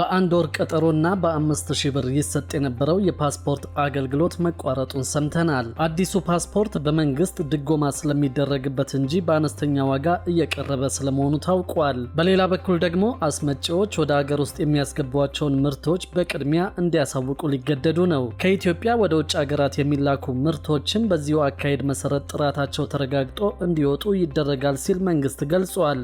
በአንድ ወር ቀጠሮና በአምስት ሺህ ብር ይሰጥ የነበረው የፓስፖርት አገልግሎት መቋረጡን ሰምተናል። አዲሱ ፓስፖርት በመንግስት ድጎማ ስለሚደረግበት እንጂ በአነስተኛ ዋጋ እየቀረበ ስለመሆኑ ታውቋል። በሌላ በኩል ደግሞ አስመጪዎች ወደ አገር ውስጥ የሚያስገቧቸውን ምርቶች በቅድሚያ እንዲያሳውቁ ሊገደዱ ነው። ከኢትዮጵያ ወደ ውጭ ሀገራት የሚላኩ ምርቶችን በዚሁ አካሄድ መሰረት ጥራታቸው ተረጋግጦ እንዲወጡ ይደረጋል ሲል መንግስት ገልጿል።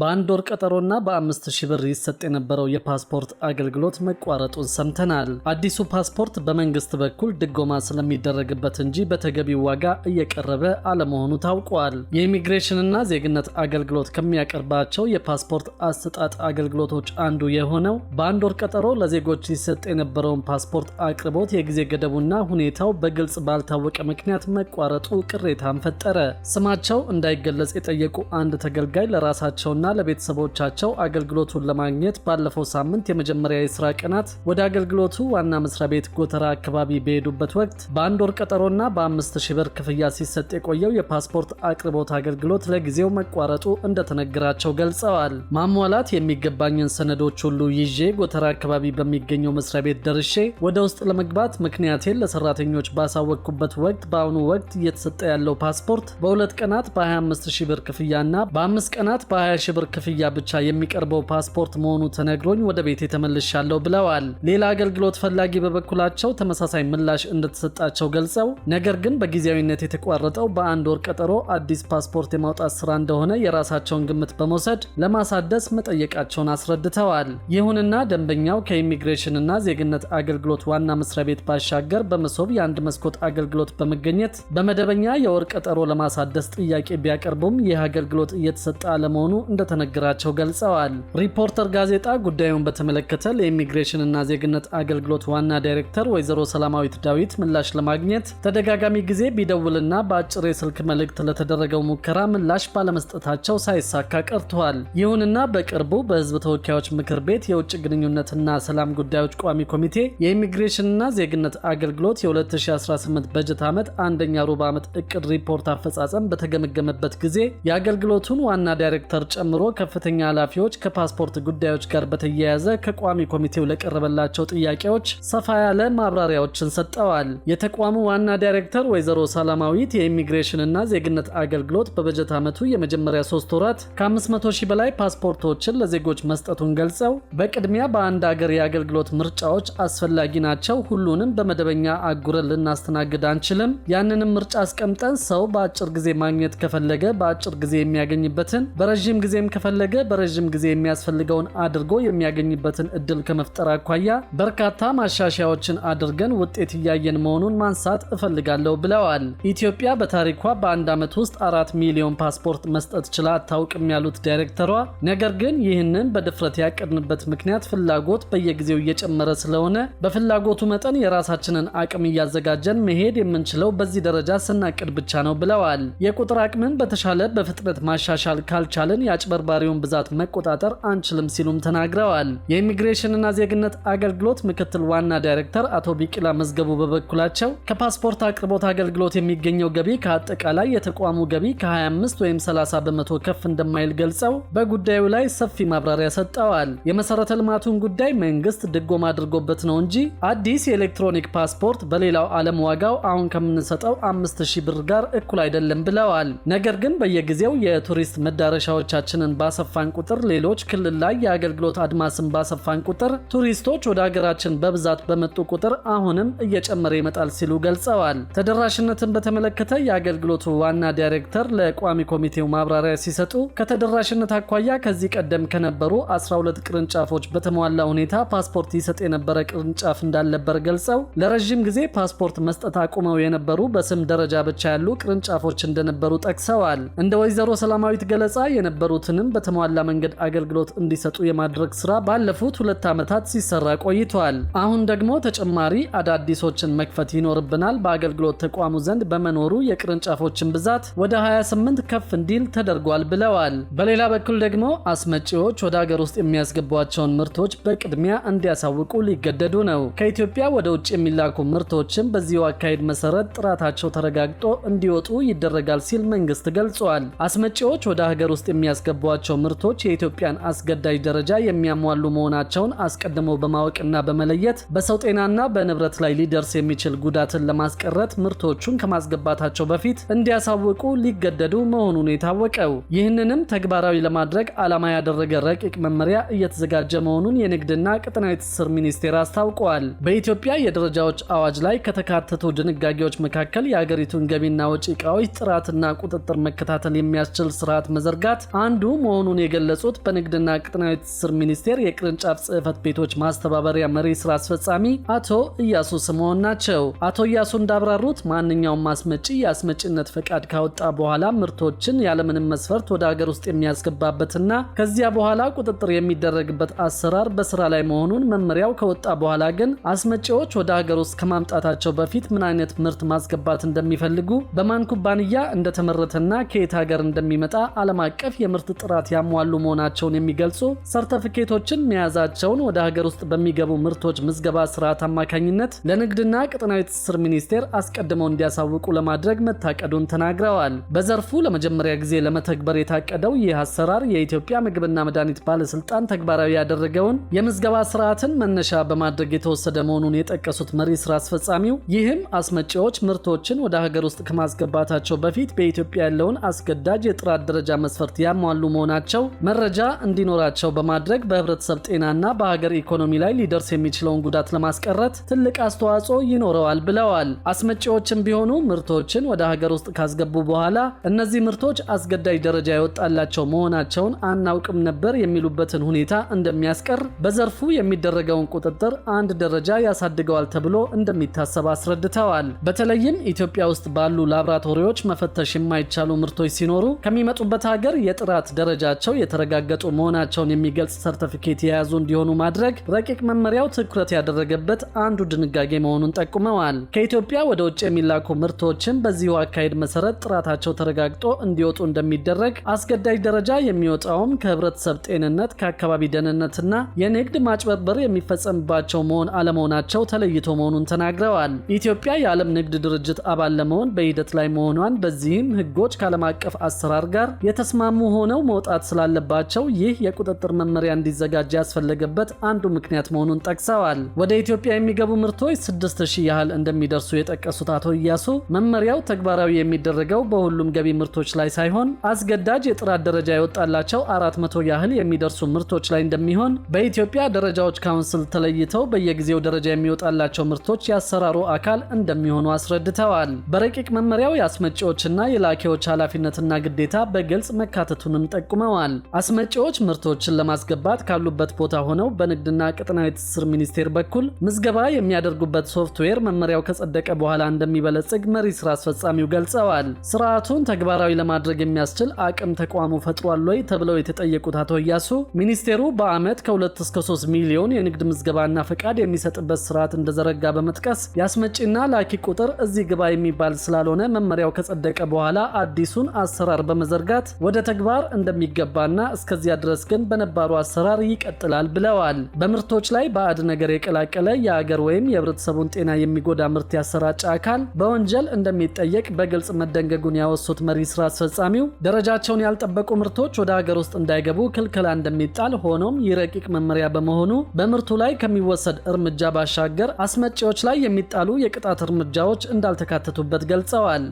በአንድ ወር ቀጠሮና በአምስት ሺህ ብር ይሰጥ የነበረው የፓስፖርት አገልግሎት መቋረጡን ሰምተናል። አዲሱ ፓስፖርት በመንግስት በኩል ድጎማ ስለሚደረግበት እንጂ በተገቢው ዋጋ እየቀረበ አለመሆኑ ታውቋል። የኢሚግሬሽንና ዜግነት አገልግሎት ከሚያቀርባቸው የፓስፖርት አሰጣጥ አገልግሎቶች አንዱ የሆነው በአንድ ወር ቀጠሮ ለዜጎች ሊሰጥ የነበረውን ፓስፖርት አቅርቦት የጊዜ ገደቡና ሁኔታው በግልጽ ባልታወቀ ምክንያት መቋረጡ ቅሬታን ፈጠረ። ስማቸው እንዳይገለጽ የጠየቁ አንድ ተገልጋይ ለራሳቸውና ለቤተሰቦቻቸው አገልግሎቱን ለማግኘት ባለፈው ሳምንት የመጀመሪያ የስራ ቀናት ወደ አገልግሎቱ ዋና መስሪያ ቤት ጎተራ አካባቢ በሄዱበት ወቅት በአንድ ወር ቀጠሮና በአምስት ሺህ ብር ክፍያ ሲሰጥ የቆየው የፓስፖርት አቅርቦት አገልግሎት ለጊዜው መቋረጡ እንደተነገራቸው ገልጸዋል። ማሟላት የሚገባኝን ሰነዶች ሁሉ ይዤ ጎተራ አካባቢ በሚገኘው መስሪያ ቤት ደርሼ ወደ ውስጥ ለመግባት ምክንያቴን ለሰራተኞች ባሳወቅኩበት ወቅት በአሁኑ ወቅት እየተሰጠ ያለው ፓስፖርት በሁለት ቀናት በ25 ሺህ ብር ክፍያና በአምስት ቀናት በ20 ሺህ ብር ክፍያ ብቻ የሚቀርበው ፓስፖርት መሆኑ ተነግሮኝ ወደ ቤት የተመልሻለሁ ብለዋል። ሌላ አገልግሎት ፈላጊ በበኩላቸው ተመሳሳይ ምላሽ እንደተሰጣቸው ገልጸው ነገር ግን በጊዜያዊነት የተቋረጠው በአንድ ወር ቀጠሮ አዲስ ፓስፖርት የማውጣት ስራ እንደሆነ የራሳቸውን ግምት በመውሰድ ለማሳደስ መጠየቃቸውን አስረድተዋል። ይሁንና ደንበኛው ከኢሚግሬሽንና ዜግነት አገልግሎት ዋና መስሪያ ቤት ባሻገር በመሶብ የአንድ መስኮት አገልግሎት በመገኘት በመደበኛ የወር ቀጠሮ ለማሳደስ ጥያቄ ቢያቀርቡም ይህ አገልግሎት እየተሰጠ አለመሆኑ እንደ እንደተነገራቸው ገልጸዋል። ሪፖርተር ጋዜጣ ጉዳዩን በተመለከተ ለኢሚግሬሽን እና ዜግነት አገልግሎት ዋና ዳይሬክተር ወይዘሮ ሰላማዊት ዳዊት ምላሽ ለማግኘት ተደጋጋሚ ጊዜ ቢደውልና በአጭር የስልክ መልእክት ለተደረገው ሙከራ ምላሽ ባለመስጠታቸው ሳይሳካ ቀርተዋል። ይሁንና በቅርቡ በሕዝብ ተወካዮች ምክር ቤት የውጭ ግንኙነትና ሰላም ጉዳዮች ቋሚ ኮሚቴ የኢሚግሬሽንና ዜግነት አገልግሎት የ2018 በጀት ዓመት አንደኛ ሩብ ዓመት እቅድ ሪፖርት አፈጻጸም በተገመገመበት ጊዜ የአገልግሎቱን ዋና ዳይሬክተር ጨምሮ ጨምሮ ከፍተኛ ኃላፊዎች ከፓስፖርት ጉዳዮች ጋር በተያያዘ ከቋሚ ኮሚቴው ለቀረበላቸው ጥያቄዎች ሰፋ ያለ ማብራሪያዎችን ሰጥተዋል። የተቋሙ ዋና ዳይሬክተር ወይዘሮ ሰላማዊት የኢሚግሬሽንና ዜግነት አገልግሎት በበጀት ዓመቱ የመጀመሪያ ሶስት ወራት ከ500 ሺህ በላይ ፓስፖርቶችን ለዜጎች መስጠቱን ገልጸው በቅድሚያ በአንድ አገር የአገልግሎት ምርጫዎች አስፈላጊ ናቸው። ሁሉንም በመደበኛ አጉረን ልናስተናግድ አንችልም። ያንንም ምርጫ አስቀምጠን ሰው በአጭር ጊዜ ማግኘት ከፈለገ በአጭር ጊዜ የሚያገኝበትን በረዥም ጊዜም መጠቀም ከፈለገ በረዥም ጊዜ የሚያስፈልገውን አድርጎ የሚያገኝበትን እድል ከመፍጠር አኳያ በርካታ ማሻሻያዎችን አድርገን ውጤት እያየን መሆኑን ማንሳት እፈልጋለሁ ብለዋል። ኢትዮጵያ በታሪኳ በአንድ ዓመት ውስጥ አራት ሚሊዮን ፓስፖርት መስጠት ችላ አታውቅም ያሉት ዳይሬክተሯ፣ ነገር ግን ይህንን በድፍረት ያቀድንበት ምክንያት ፍላጎት በየጊዜው እየጨመረ ስለሆነ በፍላጎቱ መጠን የራሳችንን አቅም እያዘጋጀን መሄድ የምንችለው በዚህ ደረጃ ስናቅድ ብቻ ነው ብለዋል። የቁጥር አቅምን በተሻለ በፍጥነት ማሻሻል ካልቻልን ያጭ የአጭበርባሪውን ብዛት መቆጣጠር አንችልም ሲሉም ተናግረዋል። የኢሚግሬሽንና ዜግነት አገልግሎት ምክትል ዋና ዳይሬክተር አቶ ቢቂላ መዝገቡ በበኩላቸው ከፓስፖርት አቅርቦት አገልግሎት የሚገኘው ገቢ ከአጠቃላይ የተቋሙ ገቢ ከ25 ወይም 30 በመቶ ከፍ እንደማይል ገልጸው በጉዳዩ ላይ ሰፊ ማብራሪያ ሰጠዋል። የመሰረተ ልማቱን ጉዳይ መንግስት ድጎም አድርጎበት ነው እንጂ አዲስ የኤሌክትሮኒክ ፓስፖርት በሌላው ዓለም ዋጋው አሁን ከምንሰጠው 5000 ብር ጋር እኩል አይደለም ብለዋል። ነገር ግን በየጊዜው የቱሪስት መዳረሻዎቻችን ክልላችንን ባሰፋን ቁጥር፣ ሌሎች ክልል ላይ የአገልግሎት አድማስን ባሰፋን ቁጥር፣ ቱሪስቶች ወደ ሀገራችን በብዛት በመጡ ቁጥር አሁንም እየጨመረ ይመጣል ሲሉ ገልጸዋል። ተደራሽነትን በተመለከተ የአገልግሎቱ ዋና ዳይሬክተር ለቋሚ ኮሚቴው ማብራሪያ ሲሰጡ ከተደራሽነት አኳያ ከዚህ ቀደም ከነበሩ 12 ቅርንጫፎች በተሟላ ሁኔታ ፓስፖርት ይሰጥ የነበረ ቅርንጫፍ እንዳልነበር ገልጸው ለረዥም ጊዜ ፓስፖርት መስጠት አቁመው የነበሩ በስም ደረጃ ብቻ ያሉ ቅርንጫፎች እንደነበሩ ጠቅሰዋል። እንደ ወይዘሮ ሰላማዊት ገለጻ የነበሩት አገልግሎትንም በተሟላ መንገድ አገልግሎት እንዲሰጡ የማድረግ ስራ ባለፉት ሁለት ዓመታት ሲሰራ ቆይቷል። አሁን ደግሞ ተጨማሪ አዳዲሶችን መክፈት ይኖርብናል። በአገልግሎት ተቋሙ ዘንድ በመኖሩ የቅርንጫፎችን ብዛት ወደ 28 ከፍ እንዲል ተደርጓል ብለዋል። በሌላ በኩል ደግሞ አስመጪዎች ወደ ሀገር ውስጥ የሚያስገቧቸውን ምርቶች በቅድሚያ እንዲያሳውቁ ሊገደዱ ነው። ከኢትዮጵያ ወደ ውጭ የሚላኩ ምርቶችም በዚሁ አካሄድ መሰረት ጥራታቸው ተረጋግጦ እንዲወጡ ይደረጋል ሲል መንግስት ገልጿል። አስመጪዎች ወደ ሀገር ውስጥ የሚያስገ የሚያስገቧቸው ምርቶች የኢትዮጵያን አስገዳጅ ደረጃ የሚያሟሉ መሆናቸውን አስቀድሞ በማወቅና በመለየት በሰው ጤናና በንብረት ላይ ሊደርስ የሚችል ጉዳትን ለማስቀረት ምርቶቹን ከማስገባታቸው በፊት እንዲያሳውቁ ሊገደዱ መሆኑን የታወቀው ይህንንም ተግባራዊ ለማድረግ ዓላማ ያደረገ ረቂቅ መመሪያ እየተዘጋጀ መሆኑን የንግድና ቀጣናዊ ትስስር ሚኒስቴር አስታውቋል። በኢትዮጵያ የደረጃዎች አዋጅ ላይ ከተካተቱ ድንጋጌዎች መካከል የአገሪቱን ገቢና ወጪ ዕቃዎች ጥራትና ቁጥጥር መከታተል የሚያስችል ስርዓት መዘርጋት አንዱ መሆኑን የገለጹት በንግድና ቀጣናዊ ትስስር ሚኒስቴር የቅርንጫፍ ጽህፈት ቤቶች ማስተባበሪያ መሪ ስራ አስፈጻሚ አቶ እያሱ ስምዖን ናቸው። አቶ እያሱ እንዳብራሩት ማንኛውም አስመጪ የአስመጪነት ፈቃድ ካወጣ በኋላ ምርቶችን ያለምንም መስፈርት ወደ ሀገር ውስጥ የሚያስገባበትና ከዚያ በኋላ ቁጥጥር የሚደረግበት አሰራር በስራ ላይ መሆኑን መመሪያው ከወጣ በኋላ ግን አስመጪዎች ወደ ሀገር ውስጥ ከማምጣታቸው በፊት ምን አይነት ምርት ማስገባት እንደሚፈልጉ በማን ኩባንያ እንደተመረተና ከየት ሀገር እንደሚመጣ ዓለም አቀፍ የምርት ጥራት ያሟሉ መሆናቸውን የሚገልጹ ሰርተፊኬቶችን መያዛቸውን ወደ ሀገር ውስጥ በሚገቡ ምርቶች ምዝገባ ስርዓት አማካኝነት ለንግድና ቀጠናዊ ትስስር ሚኒስቴር አስቀድመው እንዲያሳውቁ ለማድረግ መታቀዱን ተናግረዋል። በዘርፉ ለመጀመሪያ ጊዜ ለመተግበር የታቀደው ይህ አሰራር የኢትዮጵያ ምግብና መድኃኒት ባለስልጣን ተግባራዊ ያደረገውን የምዝገባ ስርዓትን መነሻ በማድረግ የተወሰደ መሆኑን የጠቀሱት መሪ ስራ አስፈጻሚው ይህም አስመጪዎች ምርቶችን ወደ ሀገር ውስጥ ከማስገባታቸው በፊት በኢትዮጵያ ያለውን አስገዳጅ የጥራት ደረጃ መስፈርት ያሟሉ መሆናቸው መረጃ እንዲኖራቸው በማድረግ በህብረተሰብ ጤናና በሀገር ኢኮኖሚ ላይ ሊደርስ የሚችለውን ጉዳት ለማስቀረት ትልቅ አስተዋጽኦ ይኖረዋል ብለዋል። አስመጪዎችም ቢሆኑ ምርቶችን ወደ ሀገር ውስጥ ካስገቡ በኋላ እነዚህ ምርቶች አስገዳጅ ደረጃ የወጣላቸው መሆናቸውን አናውቅም ነበር የሚሉበትን ሁኔታ እንደሚያስቀር በዘርፉ የሚደረገውን ቁጥጥር አንድ ደረጃ ያሳድገዋል ተብሎ እንደሚታሰብ አስረድተዋል። በተለይም ኢትዮጵያ ውስጥ ባሉ ላብራቶሪዎች መፈተሽ የማይቻሉ ምርቶች ሲኖሩ ከሚመጡበት ሀገር የጥራት ደረጃቸው የተረጋገጡ መሆናቸውን የሚገልጽ ሰርተፊኬት የያዙ እንዲሆኑ ማድረግ ረቂቅ መመሪያው ትኩረት ያደረገበት አንዱ ድንጋጌ መሆኑን ጠቁመዋል። ከኢትዮጵያ ወደ ውጭ የሚላኩ ምርቶችን በዚሁ አካሄድ መሰረት ጥራታቸው ተረጋግጦ እንዲወጡ እንደሚደረግ አስገዳጅ ደረጃ የሚወጣውም ከህብረተሰብ ጤንነት ከአካባቢ ደህንነትና የንግድ ማጭበርበር የሚፈጸምባቸው መሆን አለመሆናቸው ተለይቶ መሆኑን ተናግረዋል። ኢትዮጵያ የዓለም ንግድ ድርጅት አባል ለመሆን በሂደት ላይ መሆኗን በዚህም ህጎች ከዓለም አቀፍ አሰራር ጋር የተስማሙ ሆነው መውጣት ስላለባቸው ይህ የቁጥጥር መመሪያ እንዲዘጋጅ ያስፈለገበት አንዱ ምክንያት መሆኑን ጠቅሰዋል። ወደ ኢትዮጵያ የሚገቡ ምርቶች 6000 ያህል እንደሚደርሱ የጠቀሱት አቶ እያሱ መመሪያው ተግባራዊ የሚደረገው በሁሉም ገቢ ምርቶች ላይ ሳይሆን አስገዳጅ የጥራት ደረጃ የወጣላቸው 400 ያህል የሚደርሱ ምርቶች ላይ እንደሚሆን በኢትዮጵያ ደረጃዎች ካውንስል ተለይተው በየጊዜው ደረጃ የሚወጣላቸው ምርቶች የአሰራሩ አካል እንደሚሆኑ አስረድተዋል። በረቂቅ መመሪያው የአስመጪዎችና የላኪዎች ኃላፊነትና ግዴታ በግልጽ መካተቱንም መሆኑንም ጠቁመዋል። አስመጪዎች ምርቶችን ለማስገባት ካሉበት ቦታ ሆነው በንግድና ቀጠናዊ ትስስር ሚኒስቴር በኩል ምዝገባ የሚያደርጉበት ሶፍትዌር መመሪያው ከጸደቀ በኋላ እንደሚበለጽግ መሪ ስራ አስፈጻሚው ገልጸዋል። ስርዓቱን ተግባራዊ ለማድረግ የሚያስችል አቅም ተቋሙ ፈጥሯል ወይ ተብለው የተጠየቁት አቶ እያሱ ሚኒስቴሩ በዓመት ከ2 እስከ 3 ሚሊዮን የንግድ ምዝገባና ፈቃድ የሚሰጥበት ስርዓት እንደዘረጋ በመጥቀስ የአስመጪና ላኪ ቁጥር እዚህ ግባ የሚባል ስላልሆነ መመሪያው ከጸደቀ በኋላ አዲሱን አሰራር በመዘርጋት ወደ ተግባር እንደሚገባና እስከዚያ ድረስ ግን በነባሩ አሰራር ይቀጥላል ብለዋል። በምርቶች ላይ ባዕድ ነገር የቀላቀለ የአገር ወይም የህብረተሰቡን ጤና የሚጎዳ ምርት ያሰራጨ አካል በወንጀል እንደሚጠየቅ በግልጽ መደንገጉን ያወሱት መሪ ስራ አስፈጻሚው ደረጃቸውን ያልጠበቁ ምርቶች ወደ ሀገር ውስጥ እንዳይገቡ ክልከላ እንደሚጣል፣ ሆኖም ይህ ረቂቅ መመሪያ በመሆኑ በምርቱ ላይ ከሚወሰድ እርምጃ ባሻገር አስመጪዎች ላይ የሚጣሉ የቅጣት እርምጃዎች እንዳልተካተቱበት ገልጸዋል።